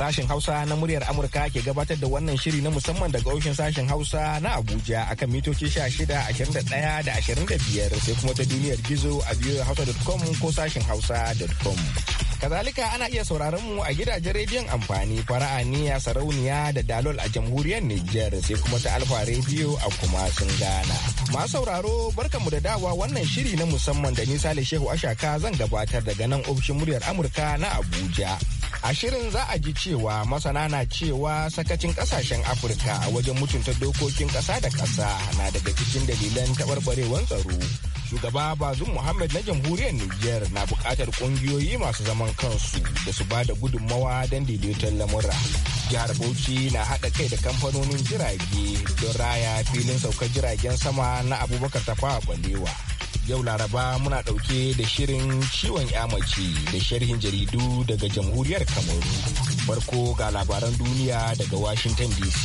Sashen Hausa na muryar Amurka ke gabatar da wannan shiri na musamman daga ofishin sashen Hausa na Abuja akan mitoci 16, 21 da 25 sai kuma ta duniyar gizo a hausa.com ko sashen hausa.com. Kazalika ana iya sauraron mu a gidajen rediyon amfani fara'aniya sarauniya da dalol a jamhuriyar Nijar sai kuma ta alfa rediyo a kuma sun gana. Masu sauraro barkanmu da dawa wannan shiri na musamman da nisa Shehu Ashaka zan gabatar daga nan ofishin muryar Amurka na Abuja. A shirin za a ji cewa masana na cewa sakacin kasashen Afirka wajen mutunta dokokin ƙasa da ƙasa na daga cikin dalilan taɓarɓarewar tsaro. Shugaba Bazum Muhammad na jamhuriyar Nijar na buƙatar ƙungiyoyi masu zaman kansu da su ba da gudunmawa don daidaiton lamura. Jihar Bauchi na haɗa kai da kamfanonin jirage don raya filin saukar jiragen sama na Abubakar Tafawa Balewa. yau laraba muna dauke da shirin ciwon yamaci da sharhin jaridu daga jamhuriyar kamaru farko ga labaran duniya daga washington dc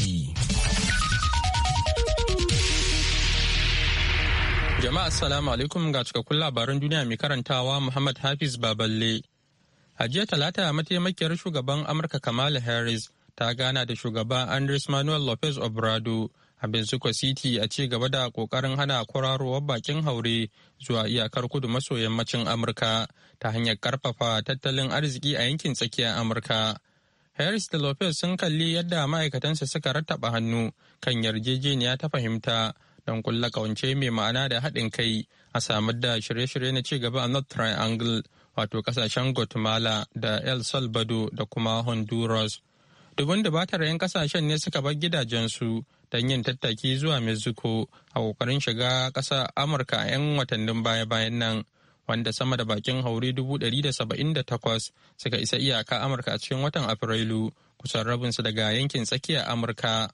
jama'a assalamu alaikum ga cikakkun labaran duniya mai karantawa muhammad hafiz baballe a jiya talata mataimakiyar shugaban amurka kamala harris ta gana da shugaba andres manuel lopez obrado abin suka siti a ci gaba da kokarin hana kwararowar bakin haure zuwa iyakar kudu maso yammacin amurka ta hanyar karfafa tattalin arziki a yankin tsakiyar amurka harris da lopez sun kalli yadda ma'aikatansa suka rattaba hannu kan yarjejeniya ta fahimta don kulla kawance mai ma'ana da haɗin kai a samar da shirye-shirye na ci gaba a north triangle wato kasashen guatemala da el salvador da kuma honduras dubun dubatar 'yan kasashen ne suka bar gidajensu don yin tattaki zuwa mexico a kokarin shiga ƙasar amurka a 'yan watannin baya-bayan nan wanda sama da bakin haure 178 suka isa iyaka amurka a cikin watan afrilu kusan rabin su daga yankin tsakiyar amurka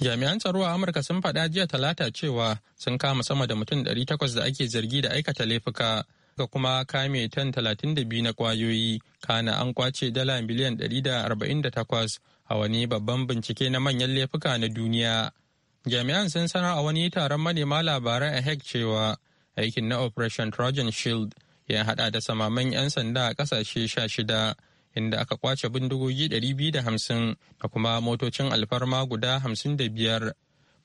jami'an tsaro a amurka sun faɗa jiya talata cewa sun kama sama da mutum 800 da ake zargi da aikata laifuka ga kuma kame tan 32 na kwayoyi kana an kwace dala miliyan 148 a wani babban bincike na manyan laifuka na duniya jami'an sun sanar a wani taron manema labarai a hague cewa aikin na operation trojan shield ya hada da samaman 'yan sanda a kasashe shida inda aka kwace bindigogi biyu da hamsin kuma motocin alfarma guda hamsin da biyar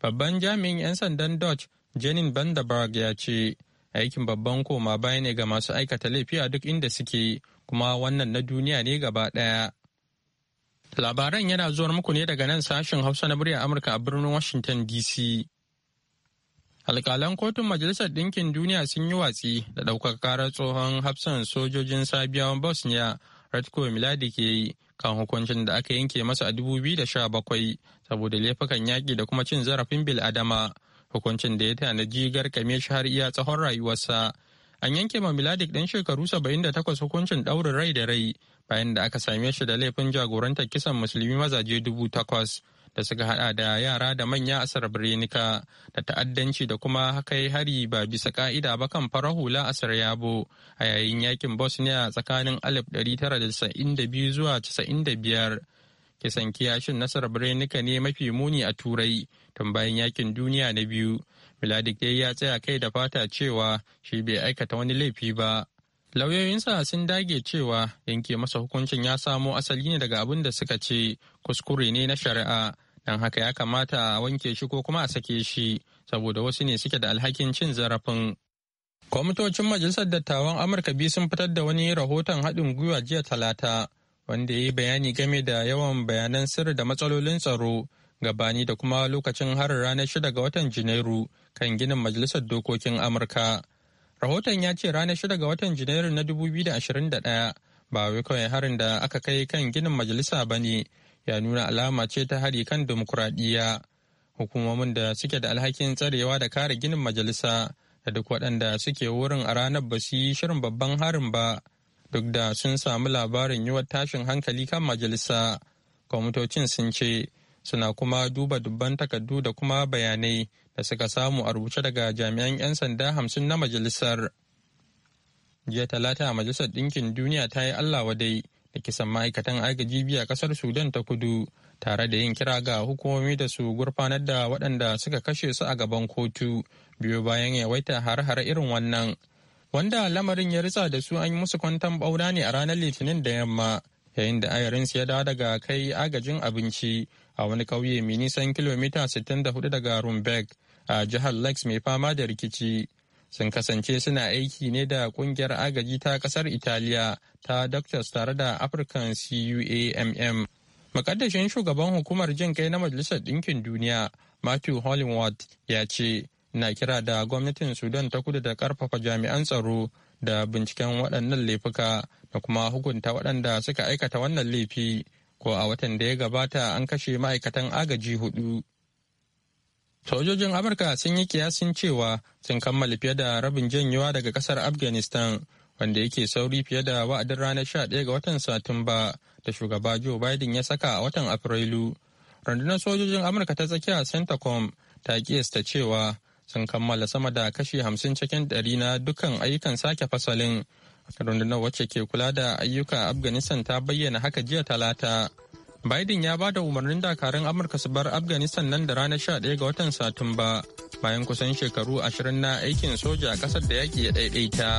babban jami'in 'yan sandan dutch janin vandenberg ya ce aikin babban koma baya ne ga masu aikata laifi a duk inda suke kuma wannan na duniya ne gaba ɗaya. Labaran yana zuwar muku ne daga nan sashen Hausa na murya Amurka a birnin Washington DC. Alƙalan kotun Majalisar Ɗinkin Duniya sun yi watsi da ɗaukar ƙarar tsohon hafsan sojojin Sabiyawan Bosnia Ratko Miladi ke yi kan hukuncin da aka yanke masa a da sha bakwai saboda laifukan yaƙi da kuma cin zarafin bil adama hukuncin da ya tanaji garkame shi har iya tsawon rayuwarsa. An yanke ma miladik ɗan shekaru saba'in da 78 hukuncin ɗaurin rai da rai bayan da aka same shi da laifin jagorantar kisan musulmi mazaje dubu takwas da suka hada da yara da manya a sarbrinika da ta'addanci da kuma kai hari ba bisa ka'ida ba kan farar hula a sarajevo a yayin yakin bosnia tsakanin 1992 zuwa 95 kisan kiyashin na birnika ne mafi muni a turai tun bayan yakin duniya na biyu miladik dai ya tsaya kai da fata cewa shi bai aikata wani laifi ba Lauyoyinsa sun dage cewa yanke masa hukuncin ya samo asali ne daga abin da suka ce kuskure ne na shari'a, don haka ya kamata a wanke shi ko kuma a sake shi, saboda wasu ne suke da alhakin cin zarafin. Kwamitocin Majalisar Dattawan Amurka biyu sun fitar da wani rahoton haɗin gwiwa jiya Talata, wanda ya yi bayani game da yawan bayanan sirri da matsalolin tsaro gabani da kuma lokacin har ranar shida ga watan Janairu kan ginin Majalisar Dokokin Amurka. Rahoton ya ce ranar shida ga watan Janairu na 2021 ba wai kawai harin da aka kai kan ginin majalisa ba ne ya nuna alama ce ta hari kan demokuraɗiyya. Hukumomin da suke da alhakin tsarewa da kare ginin majalisa da duk waɗanda suke wurin a ranar ba su yi shirin babban harin ba duk da sun samu labarin yiwuwar tashin hankali kan majalisa. Kwamitocin sun ce suna kuma duba dubban takardu da kuma bayanai da suka samu a rubuce daga jami'an 'yan sanda hamsin na majalisar. Jiya talata a majalisar ɗinkin duniya ta yi Allah wadai da kisan ma'aikatan agaji biya kasar Sudan ta kudu tare da yin kira ga hukumomi da su gurfanar da waɗanda suka kashe su a gaban kotu biyu bayan yawaita har-har irin wannan. Wanda lamarin ya ritsa da su an yi musu kwantan ɓaura ne a ranar Litinin da yamma yayin da ayarinsu ya dawo daga kai agajin abinci a wani kauye mai nisan kilomita 64 daga Rumbek a jihar Lakes mai fama da rikici. Sun kasance suna aiki ne da kungiyar agaji ta kasar Italiya ta Doctors tare da African CUAMM. Makaddashin shugaban hukumar jin kai na Majalisar Ɗinkin Duniya, Matthew Hollingworth, ya ce, na kira da gwamnatin Sudan ta kudu da ƙarfafa jami'an tsaro da binciken waɗannan laifuka da kuma hukunta waɗanda suka aikata wannan laifi. ko a watan da ya gabata an kashe ma'aikatan agaji hudu. Sojojin Amurka sun yi kiyasin cewa sun kammala fiye da rabin janyewa daga kasar Afghanistan wanda yake sauri fiye da wa'adin ranar 11 ga watan Satumba da shugaba Joe Biden ya saka a watan Afrilu. Rundunar sojojin Amurka ta tsakiya Centacom ta kiyasta cewa sun kammala sama da kashi hamsin cikin ɗari na dukkan ayyukan sake fasalin rundunar wacce ke kula da ayyuka a afghanistan ta bayyana haka jiya talata biden ya ba da umarnin dakarun amurka su bar afghanistan nan da ranar 11 ga watan satumba bayan kusan shekaru ashirin na aikin soja a kasar da yaki ya ɗaiɗaita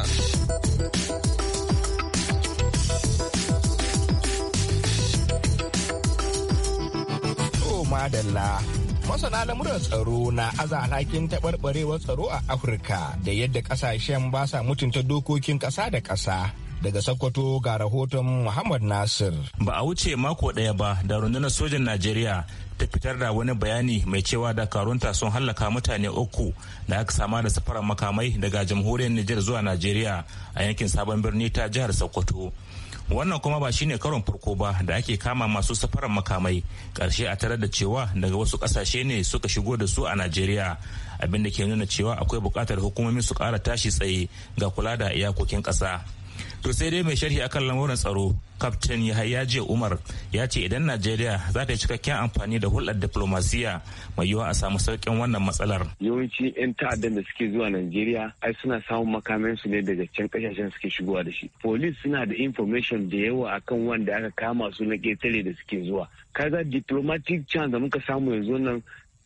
madalla masana lamuran tsaro na aza alhakin taɓarɓarewar tsaro a afirka da yadda ƙasashen ba sa mutunta dokokin ƙasa da ƙasa daga sokoto ga rahoton muhammad nasir ba a wuce mako ɗaya ba da rundunar sojan najeriya ta fitar da wani bayani mai cewa dakarunta sun hallaka mutane uku da aka sama da safarar makamai daga jamhuriyar niger zuwa Najeriya a yankin sabon birni ta jihar Sokoto. wannan kuma ba shine karon farko ba da ake kama masu safarar makamai karshe a tarar da cewa daga wasu kasashe ne suka shigo da su a najeriya abinda ke nuna cewa akwai bukatar hukumomi su kara tashi tsaye ga kula da iyakokin kasa to sai dai mai sharhi akan lamuran tsaro kaftin yahaya jiya umar ya ce idan najeriya za ta yi cikakken amfani da hulɗar diplomasiya mai yiwuwa a samu sauƙin wannan matsalar yawanci 'yan ta'addan da suke zuwa najeriya ai suna samun makamin su ne daga can kasashen suke shigowa da shi police suna da information da yawa akan wanda aka kama su na ƙetare da suke zuwa kaga diplomatic chance da muka samu yanzu nan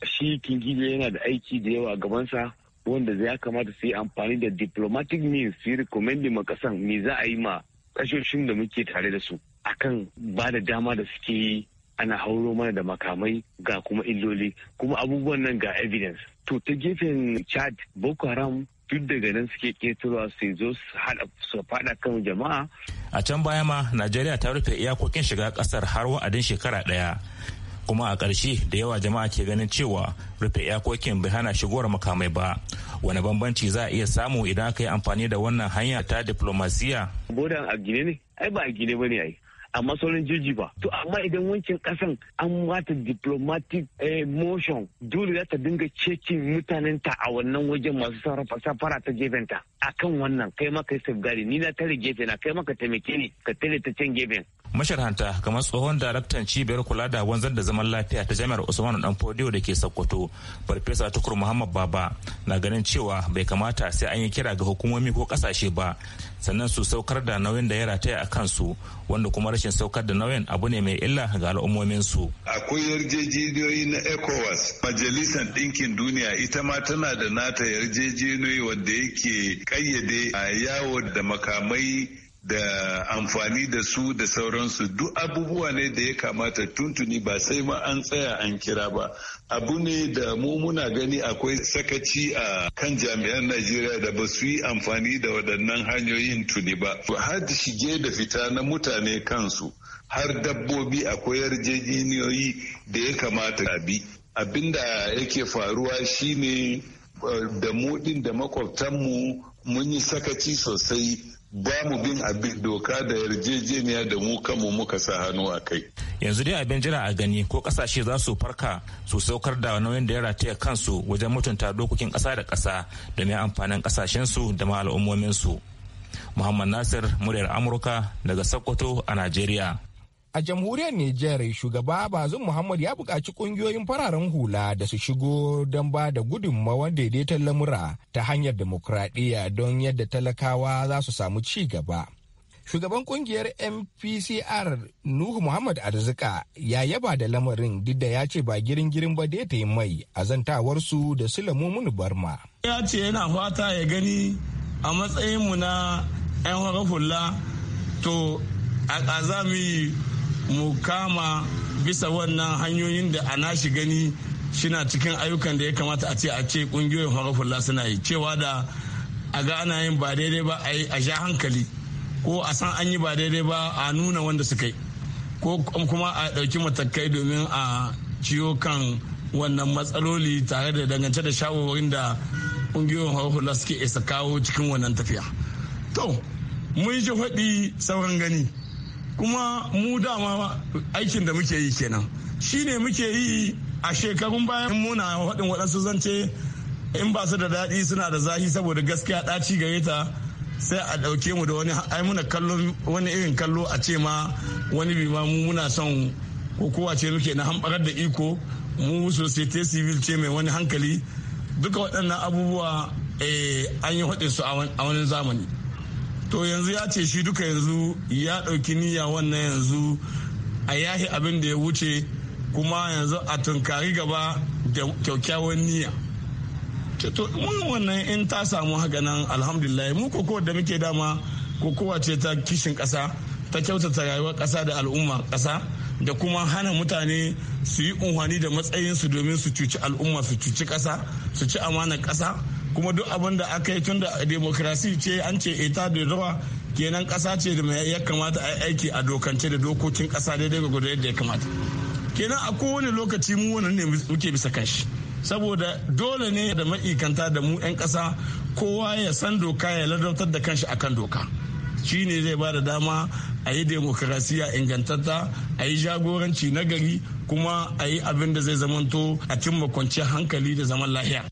shi kingile yana da aiki da yawa a gabansa wanda ya kamata su yi amfani da diplomatic means su yi recommending ma kasan me za a yi ma kashoshin da muke tare da su akan ba da dama da suke yi ana hauro mana da makamai ga kuma illoli kuma abubuwan nan ga evidence to ta gefen chad boko haram duk daga nan suke ketarwa su zo su fada kan jama'a a can baya ma najeriya ta rufe iyakokin shiga kasar har wa'adin shekara daya kuma a ƙarshe da yawa jama'a ke ganin cewa rufe iyakokin bai hana shigowar makamai ba wani bambanci za a iya samu idan aka yi amfani da wannan hanya ta diplomasiya bodan a gine ne ai ba a gine ba ne ai amma sauran jirgi ba to amma idan wancan kasan an wata diplomatic eh, motion dole za ta dinga cekin mutanen ta a wannan wajen masu safara ta gefen ta akan wannan kai maka safeguard ni na tare gefe na kai maka taimake ni ka tare ta can gefen masharhanta kamar tsohon daraktan cibiyar kula da wanzar da zaman lafiya ta jami'ar usman dan fodiyo da ke sokoto farfesa tukur muhammad baba na ganin cewa bai kamata sai an yi kira ga hukumomi ko kasashe ba sannan su saukar da nauyin da ya rataya a kansu wanda kuma rashin saukar da nauyin abu ne mai illa ga al'ummominsu. akwai yarjejeniyoyi na ecowas majalisar ɗinkin duniya ita ma tana da nata yarjejeniyoyi wanda yake kayyade a yawo da makamai da amfani da su da sauransu duk abubuwa ne da ya kamata tuntuni ba sai ma an tsaya an kira ba abu ne da mu muna gani akwai sakaci a kan jami'an najeriya da ba su yi amfani da waɗannan hanyoyin tuni ba har shige da fita na mutane kansu har dabbobi akwai yarjejeniyoyi da ya kamata a bi abinda yake faruwa shine eh, da mu da makwabtanmu mun yi sakaci sosai ba mu bin abin doka da yarjejeniya da mu kanmu muka sa hannu a kai. Yanzu dai abin jira a gani ko kasashe za su farka su saukar da nauyin da ya rataya kansu wajen mutunta dokokin kasa da ƙasa domin amfanin su da ma su Muhammad Nasir, muryar Amurka daga Sokoto a Najeriya. a jamhuriyar Nijar shugaba Bazum Muhammad ya buƙaci ƙungiyoyin fararen hula da su shigo don ba da gudunmawar daidaiton lamura ta hanyar demokradiyya don yadda talakawa za su samu ci gaba. Shugaban kungiyar MPCR Nuhu Muhammad Arzika ya yaba da lamarin duk da ya ce ba girin girin ba da ta yi mai a zantawarsu da Sulamu Munu Barma. Ya ce yana fata ya gani a matsayinmu na 'yan hula to a ƙazami mu kama bisa wannan hanyoyin da ana shi gani shina cikin ayyukan da ya kamata a ce a ce kungiyoyin harafulla suna yi cewa da a ga ana yin ba daidai ba a yi a sha hankali ko a san an yi ba daidai ba a nuna wanda suka yi ko kuma a ɗauki matakai domin a ciyo kan wannan matsaloli tare da dangance da shawarwarin da kungiyoyin harafulla suke isa kawo cikin wannan tafiya to mun ji faɗi sauran gani kuma mu dama aikin da muke yi kenan shine muke yi a shekarun bayan muna waɗin waɗansu zance in ba su da daɗi suna da zafi saboda gaskiya ɗaci gare ta sai a ɗauke mu da wani ai muna wani irin kallo a ce ma wani bi mu muna son kokowa ce muke na hamɓarar da iko mu societe civil ce mai wani hankali duka waɗannan abubuwa eh, an yi haɗe su a wani zamani to yanzu ya ce shi duka yanzu ya ɗauki niyya wannan yanzu a yahi abin da ya wuce kuma yanzu a tunkari gaba da kyakkyawan niyya to mun wannan in ta samu haka nan alhamdulillah mu koko da muke dama kokowa ce ta kishin ƙasa ta kyautata rayuwar ƙasa da al'umma ƙasa da kuma hana mutane su yi unhwani da matsayinsu domin su cuci al'umma su cuci ƙasa su ci amanar ƙasa kuma duk abin da aka yi tun da demokrasi ce an ce eta da droit kenan kasa ce da mai ya kamata a aiki a dokance da dokokin kasa daidai ga gudu yadda ya kamata kenan a kowane lokaci mu wannan ne muke bisa kanshi saboda dole ne da ma'ikanta da mu 'yan kasa kowa ya san doka ya ladautar da kanshi akan doka shi ne zai ba da dama a yi demokarasiya ingantatta a yi jagoranci nagari kuma a yi abin da zai zamanto a cimma kwanciyar hankali da zaman lahiya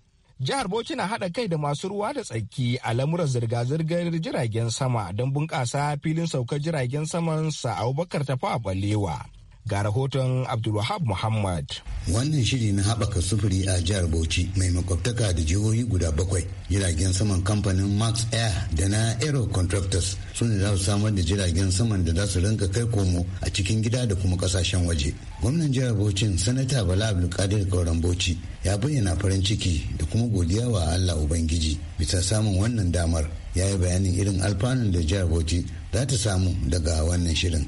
Jihar Bauchi na haɗa kai da masu ruwa da tsaki a lamuran zirga-zirgar jiragen sama don bunƙasa filin saukar jiragen saman sa Abubakar tafa a Balewa. ga rahoton abdulwahab muhammad wannan shiri na haɓaka sufuri a jihar bauchi mai makwabtaka da jihohi guda bakwai jiragen saman kamfanin max air da na aero contractors ne za su samar da jiragen saman da za su rinka kai komo a cikin gida da kuma kasashen waje gwamnan jihar bauchi sanata bala abdulkadir kauran bauchi ya bayyana farin ciki da kuma godiya wa allah ubangiji bisa samun wannan damar ya yi bayanin irin alfanun da jihar bauchi za ta samu daga wannan shirin.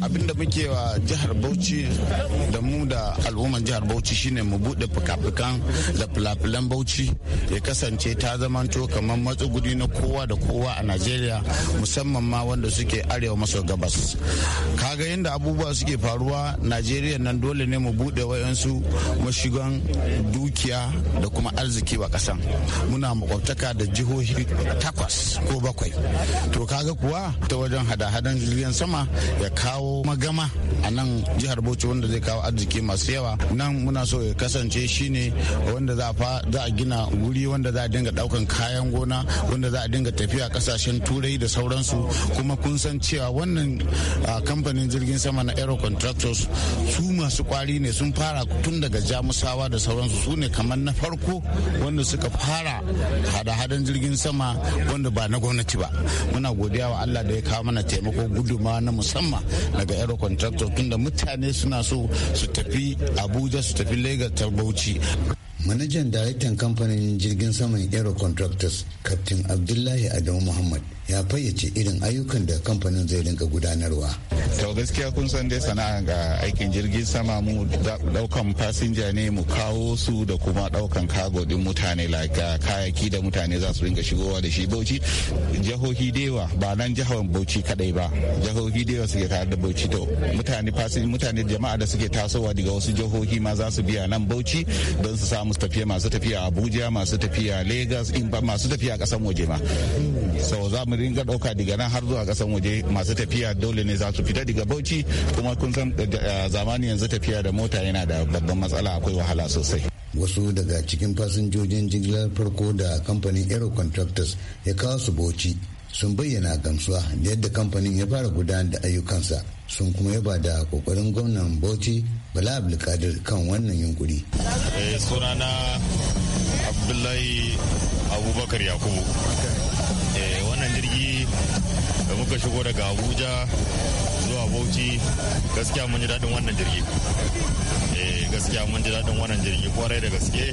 Abinda da muke wa jihar Bauchi da mu da al'umman jihar Bauchi shine mu buɗe fikafikan da filafilan Bauchi ya kasance ta zamanto kamar matsuguni na kowa da kowa a Najeriya musamman ma wanda suke arewa maso gabas. Kaga yadda abubuwa suke faruwa Najeriya nan dole ne mu buɗe wayansu mashigan dukiya da kuma arziki wa ƙasan. Muna makwabtaka da jihohi takwas ko bakwai. To kaga kuwa ta wajen hada-hadan jirgin sama ya kawo magama a nan jihar bauchi wanda zai kawo arziki masu yawa nan muna so ya kasance shine wanda za a gina wuri wanda za a dinga daukan kayan gona wanda za a dinga tafiya kasashen turai da sauransu kuma kun san cewa wannan kamfanin jirgin sama na aero contractors su masu kwari ne sun fara tun daga jamusawa da sauransu su ne kamar na farko wanda suka fara hada-hadan jirgin sama wanda ba na gwamnati ba muna godiya wa allah da ya kawo mana taimako guduma na musamman daga aero contractor da mutane suna so su tafi abuja su tafi lagos ta bauchi manajan daraktan kamfanin jirgin saman aero contractors captain abdullahi adamu muhammad ya fayyace irin ayyukan da kamfanin zai rinka gudanarwa. To gaskiya kun san dai sana'a ga aikin jirgin sama mu daukan fasinja ne mu kawo su da kuma daukan kago din mutane like kayaki da mutane za su rinka shigowa da shi Bauchi jihohi dewa ba nan jihar Bauchi kadai ba jihohi dewa suke tare da Bauchi to mutane fasinja mutane jama'a da suke tasowa daga wasu jihohi ma za su biya nan Bauchi don su samu tafiya masu tafiya Abuja masu tafiya Lagos in ba masu tafiya kasan waje ma. So za mu mu ringa ɗauka daga nan har zuwa kasan waje masu tafiya dole ne za su fita daga bauchi kuma kun san eh, eh, zamani yanzu tafiya da mota yana da babban matsala akwai wahala sosai wasu daga cikin fasinjojin jigilar farko da kamfanin aero contractors ya kawo su bauchi sun bayyana gamsuwa da yadda kamfanin ya fara gudanar da ayyukansa sun kuma yaba da kokarin gwamnan bauchi bala abdulkadir kan wannan yunkuri eh, sunana abdullahi abubakar yakubu jirgi da muka shigo daga abuja zuwa bauchi gaskiya mun ji daɗin wannan jirgi eh, gaskiya mun ji daɗin wannan jirgi kwarai da gaske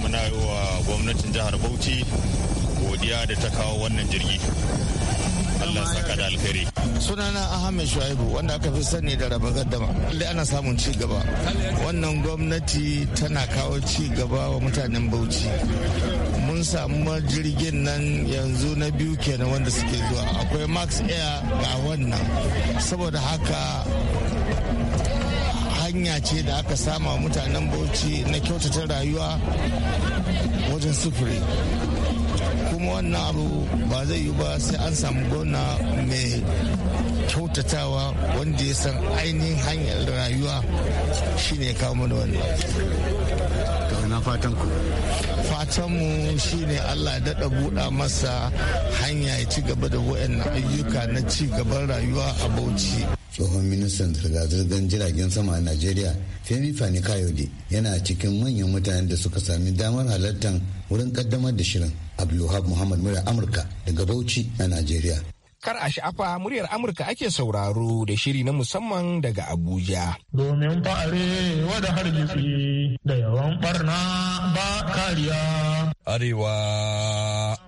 muna yi wa gwamnatin jihar bauchi godiya da ta kawo wannan jirgi Allah saka da alkhairi. Sunana Ahmed Shuaibu wanda aka fi sani da raba gaddama. da ana samun ci gaba. Wannan gwamnati tana kawo ci gaba wa mutanen Bauchi. samu jirgin nan yanzu na biyu kenan wanda suke zuwa akwai max air ga wannan saboda haka hanya ce da aka sama mutanen bauchi na kyautata rayuwa wajen sufuri kuma wannan abu ba zai yi ba sai an samu gona mai kyautatawa wanda ya san ainihin hanyar rayuwa shine ya kawo mana wannan fatan ku fatanmu shine allah daɗa buɗa masa hanya ya ci gaba da wa'annan ayyuka na ci gaban rayuwa a bauchi tsohon ministan zirga-zirgar jiragen sama a najeriya femi fani kayode yana cikin manyan mutanen da suka sami damar halartar wurin kaddamar da shirin abdulhab muhammad mura amurka daga bauchi a najeriya Kar a sha'afa muryar Amurka ake sauraro da shiri na musamman daga Abuja. Domin fa'are wada hargitsi da yawan barna ba kariya. Arewa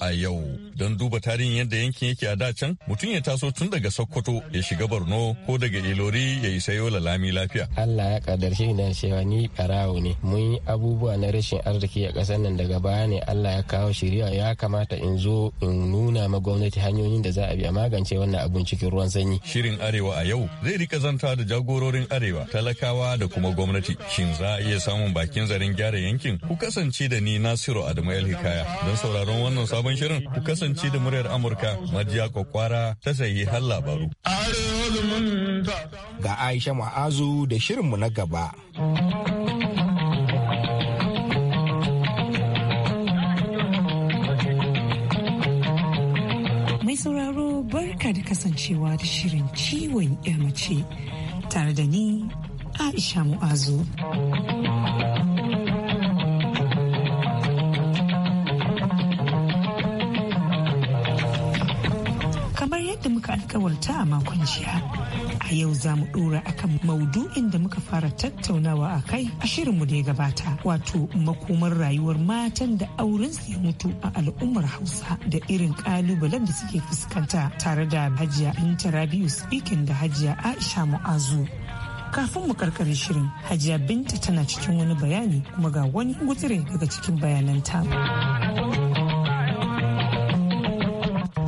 a yau. Don duba tarihin yadda yankin yake a dacan mutum ya taso tun daga Sokoto ya shiga Borno ko daga Ilori ya isa Yola lami lafiya. Allah ya kadarci da cewa ni barawo ne. Mun yi abubuwa na rashin arziki a ƙasar nan daga baya ne Allah ya kawo shiriya ya kamata in zo in nuna ma gwamnati hanyoyin da za a bi a magance wannan abun cikin ruwan sanyi. Shirin Arewa a yau zai rika zanta da jagororin Arewa talakawa da kuma gwamnati. Shin za a iya samun bakin zarin gyara yankin? Ku kasance da ni Nasiru Adamu El Hikaya don sauraron wannan sabon sabon shirin ku kasance da muryar Amurka Madiya Kwakwara ta sayi har labaru. Ga Aisha Ma'azu da shirinmu na gaba. Mai sauraro barka da kasancewa da shirin ciwon mace tare da ni Aisha Mu'azu. da muka alkawarta a makon jiya. A yau za mu ɗora akan maudu'in da muka fara tattaunawa a kai a shirinmu da ya gabata wato makomar rayuwar matan da auren su ya mutu a al'ummar Hausa da irin ƙalubalen da suke fuskanta tare da Hajiya Binta Rabiu Spikin da Hajiya Aisha Mu'azu. kafin mu karkare shirin hajiya binta tana cikin wani bayani kuma ga wani gutsire daga cikin bayananta.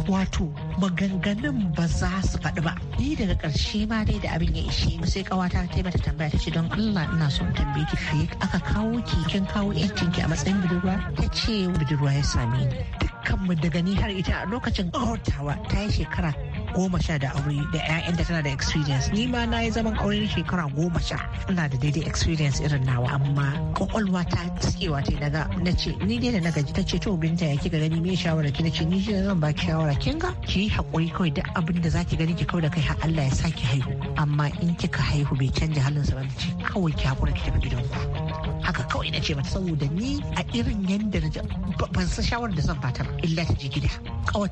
wato maganganun ba za su faɗi ba ni daga ƙarshe ma dai da abin ya ishe mu sai kawata ta mata tambaya ta ce don Allah ina son tambaye ki fe aka kawo ki kin kawo yancin ki a matsayin budurwa ta ce budurwa ya same ni dukkanmu daga ni har ita a lokacin ƙawartawa oh, ta yi shekara goma sha da aure da da tana da experience ni ma na yi zaman aure shekara goma sha ina da daidai experience irin nawa amma kwakwalwa ta tsikewa ta daga na ce ni dai da na gaji ta ce to binta ya ga gani me shawara ki na ce ni shi zan baki shawara kin ga ki yi hakuri kawai duk abin da zaki gani ki kawai da kai har Allah ya saki haihu amma in kika haihu bai canja sa ba ce kawai ki hakura ki tafi gidanku haka kawai na ce mata saboda ni a irin yadda na ban san shawarar da zan ba illa ta ji gida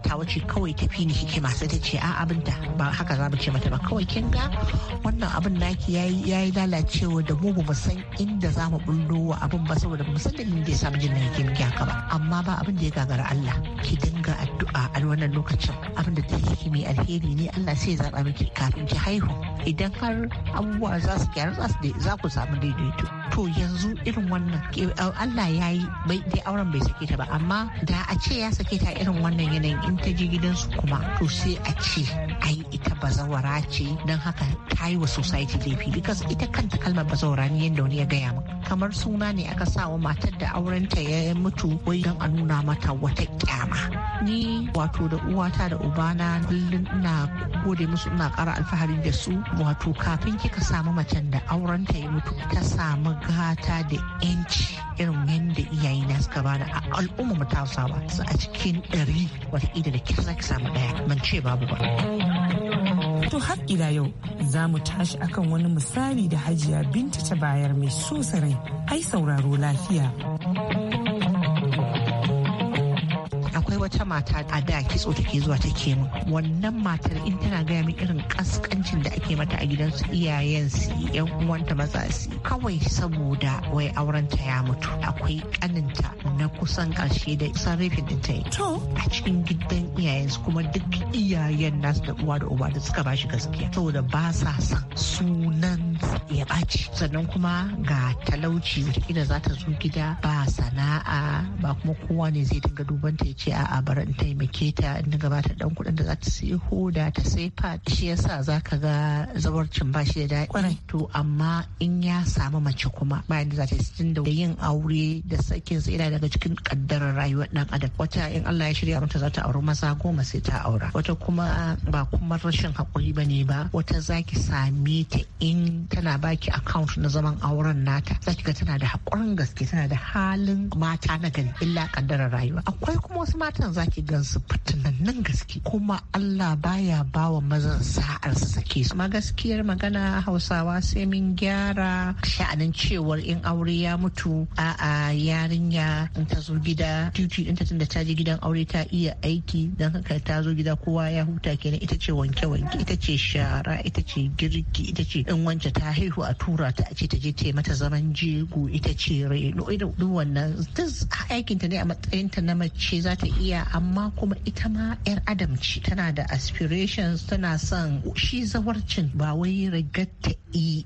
ta ce kawai tafi ni hikima sai ta ce a a abinta ba haka za mu ce mata ba kawai kin ga wannan abin naki ya yi lalacewa da mu bamu san inda za mu bullo wa abin ba saboda mu san dalilin da ya samu jin yake miki haka ba amma ba abin da ya gagara Allah ki dinga addu'a a wannan lokacin abin da ta yi mai alheri ne Allah sai ya zaba miki kafin ki haihu idan har abubuwa za su gyara za ku samu daidaito to yanzu irin wannan eh, Allah ya yi bai dai auren bai sake ta ba amma da a ce ya sake ta irin wannan yanayin in ta je gidansu kuma to sai a ce ai ita bazawara ce don haka ta yi wa society laifi because ita kanta kalmar bazawara ne yadda wani ya gaya maka kamar suna ne aka sa wa matar da aurenta ya mutu wai don a nuna mata wata kyama ni wato da uwata da ubana kullum ina gode musu ina kara alfahari da su wato kafin kika samu macen da aurenta ya mutu ta samu gata da yanci irin yadda iyayena suka bada a al'umma mu ta a cikin ɗari wata da kisa samu ɗaya ban ce babu ba. To har ila yau za mu tashi akan wani misali da hajiya binta ta bayar mai so sarai ai sauraro lafiya. wata mata a da kitso take zuwa ta ke mu wannan matar in tana gaya min irin kaskancin da ake mata a gidansu iyayen su yan uwanta maza su kawai saboda wai aurenta ya mutu akwai kaninta na kusan karshe da sarrafin da ta yi a cikin gidan iyayen su kuma duk iyayen nasu da uwa da uba da suka bashi gaskiya saboda ba sa son sunan ya ɓaci sannan kuma ga talauci wataƙila za ta zo gida ba sana'a ba kuma kowa ne zai dinga duban ta ya ce a'a bari in taimake ta in dinga ba ta dan kuɗin da za ta sai hoda ta sai pad shi yasa za ka ga zawarcin ba shi da daɗi to amma in ya samu mace kuma bayan da za ta yi da yin aure da sakin sa yana daga cikin kaddarar rayuwar ɗan adam wata in Allah ya shirya mata za ta auri maza goma sai ta aura wata kuma ba kuma rashin hakuri ne ba wata za ki same ta in ta tana baki account na zaman auren nata za ga tana da hakurin gaske tana da halin mata na gani illa kaddara rayuwa akwai kuma wasu matan za ki gan su fitinannin gaske kuma Allah baya bawa mazan sa'ar su sake su ma gaskiyar magana Hausawa sai min gyara sha'anin cewar in aure ya mutu a'a yarinya in ta zo gida duty din ta tunda ta je gidan aure ta iya aiki dan haka ta zo gida kowa ya huta kenan ita ce wanke wanke ita ce shara ita ce girki ita ce in wance ta haihu a tura ta ce ta je ta mata zaman jego ita ce reno irin wannan aikin ta ne a matsayin ta na mace za ta iya amma kuma ita ma yar adam ce tana da aspirations tana son shi zawarcin ba wai ragatta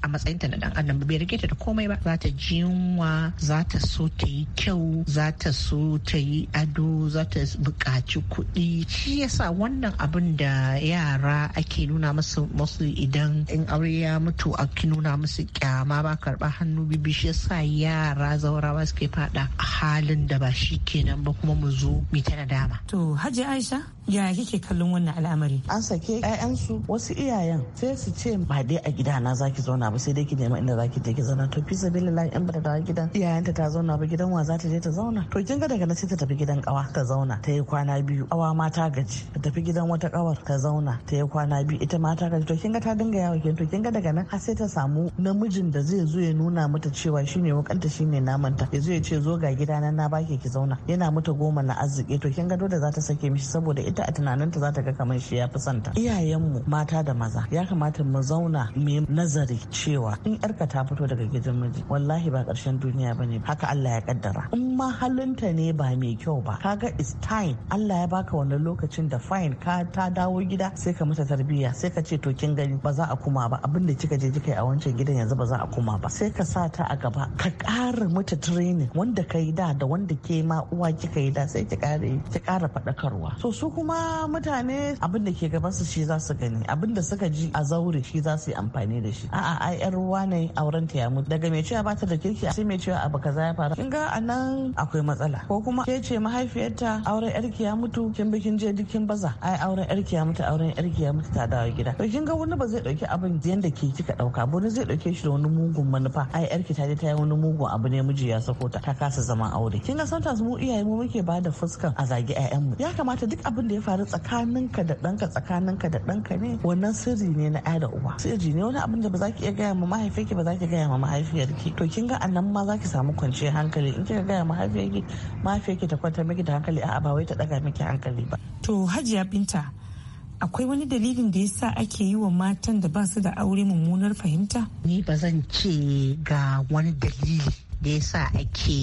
a matsayin ta na dan adam bai rage ta da komai ba za ta jinwa za ta so ta yi kyau za ta so ta yi ado za ta buƙaci kuɗi shi yasa wannan abin da yara ake nuna musu musu idan in aure ya mutu a kino nuna musu kyama ba karba hannu bibi shi sa yara zaurawa suke fada halin da ba shi kenan ba kuma mu zo mita ta dama to hajji aisha ya kike kallon wannan al'amari an sake ƴaƴansu wasu iyayen sai su ce ba dai a gida na zaki zauna ba sai dai ki nema inda zaki je ki zauna to fi sabilillahi in bata dawo gidan iyayenta ta zauna ba gidan wa za ta je ta zauna to kin ga daga nan sai ta tafi gidan kawa ta zauna ta yi kwana biyu kawa ma ta gaji ta tafi gidan wata kawar ta zauna ta yi kwana biyu ita ma ta gaji to kin ga ta dinga yawo kin to kin ga daga nan har sai ta samu namijin da zai zo ya nuna mata cewa shine wakanta shine namanta ya zo ya ce zo ga gidana na baki ki zauna yana mata goma na arziki to kin ga dole za ta sake mishi saboda ita ta a tunaninta za ta ga kamar shi ya fi santa iyayenmu mata da maza ya kamata mu zauna mu nazari cewa in yarka ta fito daga gidan miji wallahi ba karshen duniya bane haka Allah ya kaddara in ma halinta ne ba mai kyau ba kaga is time Allah ya baka wannan lokacin da fine ka ta dawo gida sai ka mata tarbiyya sai ka ce to kin gani ba za a kuma ba abin da kika je kika yi a wancan gidan yanzu ba za a kuma ba sai ka sa ta a gaba ka ƙara mata training wanda ka yi da da wanda ke ma uwa kika yi da sai ki ƙara ki ƙara faɗakarwa so su kuma kuma mutane abin da ke gaban su shi za su gani abin da suka ji a zaure shi za su yi amfani da shi a'a ai yar ruwa ne auren ta ya mutu daga mai cewa bata da kirki sai mai cewa abu kaza ya faru kin ga anan akwai matsala ko kuma ke ce mahaifiyarta auren yarki ya mutu kin bikin je dukin baza ai auren yarki ya mutu auren yarki ya mutu ta dawo gida to kin ga wani ba zai dauki abin da ke kika dauka ba wani zai dauke shi da wani mugun manufa ai yarki ta je ta yi wani mugun abu ne miji ya sako ta ta kasa zama aure kin ga sometimes mu iyaye mu muke bada fuskan a zagi ƴaƴanmu ya kamata duk abin da ya faru tsakaninka da ɗanka tsakaninka da ɗanka ne wannan sirri ne na da uwa. sirri ne wani abin da ba za ki iya gaya ma mahaifiyarki ba za ki gaya ma mahaifiyarki to kin ga anan ma za ki samu kwanciyar hankali in kika gaya mahaifiyarki mahaifiyarki ta kwanta miki da hankali a ba wai ta ɗaga miki hankali ba. to hajiya binta akwai wani dalilin da ya sa ake yi wa matan da ba su da aure mummunar fahimta? Ni ba zan ce ga wani dalili da sa ake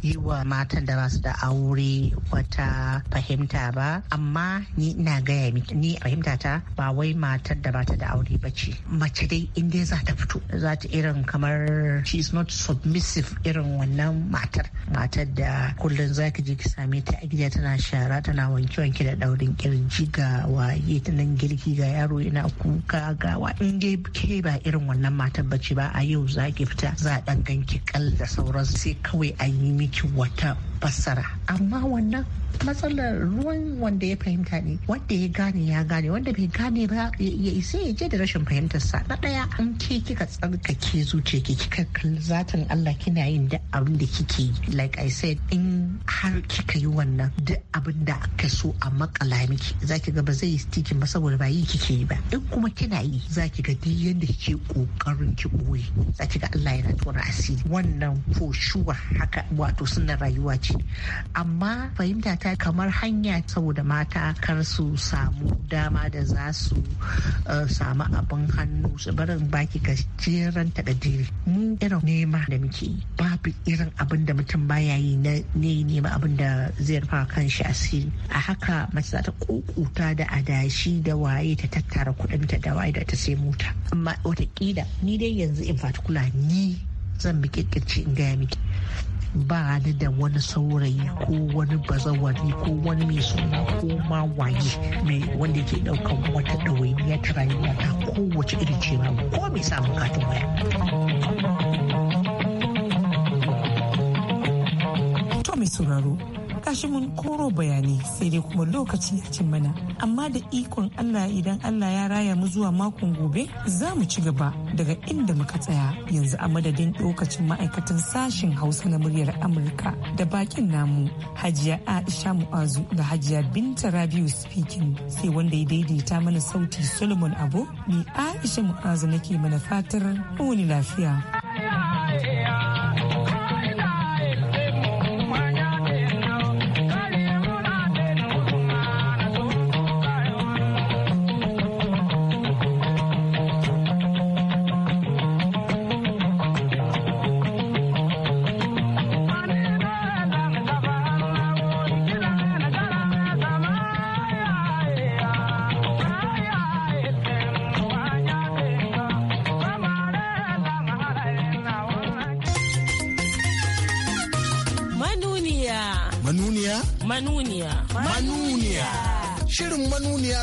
yi wa matan da ba su da aure wata fahimta ba amma ni ina gaya miki ni fahimta ta ba wai matar da ba ta da aure ba ce mace dai in dai za ta fito za ta irin kamar she is not submissive irin wannan matar matar da kullum za ka je ki same ta a gida tana shara tana wanke wanke da daurin kirji ga waye ta nan girki ga yaro yana kuka gawa in dai ke ba irin wannan matar bace ba a yau za ki fita za a dan ganki kal da sauransu sai kawai an yi miki wata fassara amma wannan matsalar ruwan wanda ya fahimta ne wanda ya gane ya gane wanda bai gane ba ya isa ya je da rashin fahimtar sa. na ɗaya an ke kika tsarkake zuciya ki kika zatan Allah kina yin da abin da kike yi like I said in har kika yi wannan duk abin da aka so a makala miki zaki ga ba zai yi stikin ba saboda ba yi kike yi ba in kuma kina yi zaki ga duk yadda kike kokarin ki boye zaki ga Allah yana tura asiri wannan for sure haka wato suna rayuwa ce amma fahimta mata kamar hanya saboda mata kar su samu dama da za su eh, samu abin hannu su barin baki ga ta takadiri mu irin nema da muke babu irin abin da mutum baya yi na ne nema abin da zai rufa kan shi asiri a haka mace za ta kokuta da adashi da waye ta tattara ta da waye da ta sai mota amma wataƙila ni dai yanzu in particular ni zan bi kirkirci in gaya miki ba ni da wani saurayi ko wani bazawari ko wani mai suna ko ma waye mai wanda ke daukan wata ɗawainiya ta rayuwa ta kowace irin ce ba ko mai sa bukatun waya. To mai sauraro kashi mun koro bayanai sai dai kuma lokaci ya cin mana amma da ikon Allah idan Allah ya raya mu zuwa makon gobe za mu ci gaba daga inda muka tsaya yanzu a madadin lokacin ma'aikatan sashen Hausa na muryar Amurka da bakin namu Hajiya Aisha Mu'azu da Hajiya Binta Rabiu speaking sai wanda ya daidaita mana sauti Solomon Abo ni Aisha Mu'azu nake mana fatar wani lafiya. Manuniya. Manuniya. Shirin manuniya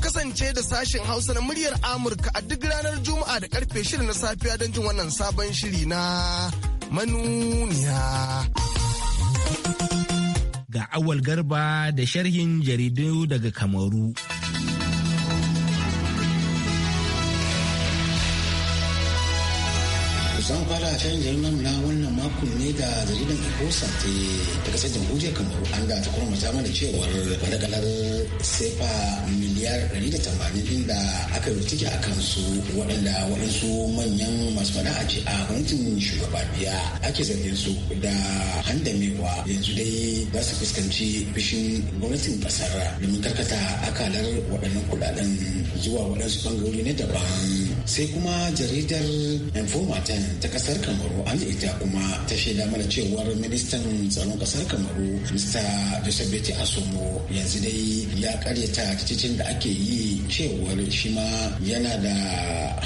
kasance da sashen Hausa na muryar Amurka a duk ranar Juma'a da karfe shirin na safiya don jin wannan sabon shiri na manuniya. Ga awal garba da sharhin jaridu daga Kamaru. zan fara shirin jaridar na wannan makon ne da jaridar Ikosa ta daga sai jamhuriyar Kamaru an da ta kuma mana cewar madagalar sefa miliyar 180 din da aka yi ciki a kansu waɗanda waɗansu manyan masu fada a ce a gwamnatin shugaba biya ake zargin su da handamewa yanzu dai za su fuskanci bishin gwamnatin kasar domin karkata akalar waɗannan kuɗaɗen zuwa waɗansu bangarori na daban sai kuma jaridar informa ta kasar kamaru an ita kuma ta shaida mana cewar ministan tsaron kasar kamaru mr bisabeti asomo yanzu dai ya karyata rikicin da ake yi cewar shi ma yana da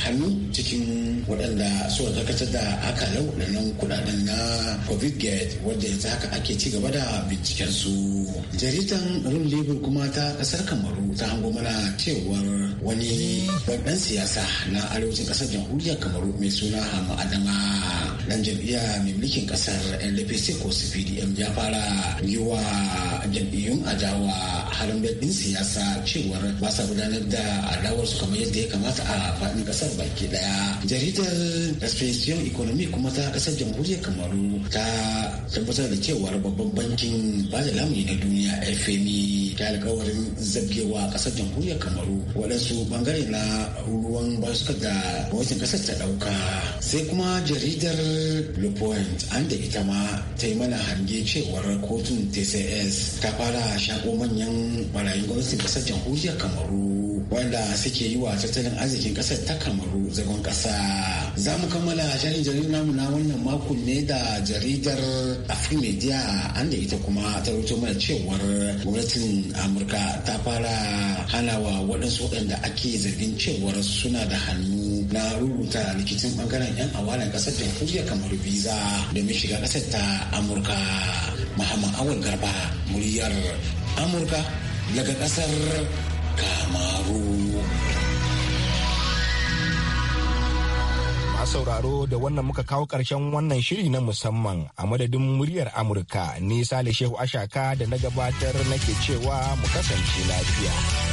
hannu cikin waɗanda suka dakatar da aka da nan kudaden na covid gate wanda yanzu haka ake ci gaba da binciken su jaridar rum kuma ta kasar kamaru ta hango mana cewar wani babban siyasa na na arewacin kasar jamhuriyar kamaru mai suna hama adama dan jam'iyya mai mulkin kasar ndpc ko cpdm ya fara yi wa jam'iyyun adawa halin din siyasa cewar ba sa gudanar da adawar su kamar yadda ya kamata a faɗin kasar baki daya jaridar expression economy kuma ta kasar jamhuriyar kamaru ta tabbatar da cewar babban bankin ba da lamuni na duniya fmi e ta alkawarin zabgewa kasar jamhuriyar kamaru waɗansu bangare na ruwan basuka da gwamnatin kasar ta ɗauka sai kuma jaridar le point an da ita ma ta yi mana hange cewar kotun tcs ta fara shako manyan barayin gwamnatin kasar jamhuriyar kamaru wanda suke yi wa tattalin arzikin kasar ta kamaru zagon kasa za mu kammala shirin jaridar namu na wannan makon ne da jaridar afrimedia an da ita kuma ta rubuto mana cewar gwamnatin amurka ta fara hanawa waɗansu waɗanda ake zargin cewar suna da hannu na rubuta likitin bangaren 'yan ƙasar kasar jamhuriyar kamar visa domin shiga kasar ta amurka muhammad awal garba muryar amurka daga kasar kamaru sauraro da wannan muka kawo ƙarshen wannan shiri na musamman a madadin muryar amurka ni sale shehu ashaka da na gabatar nake cewa mu kasance lafiya.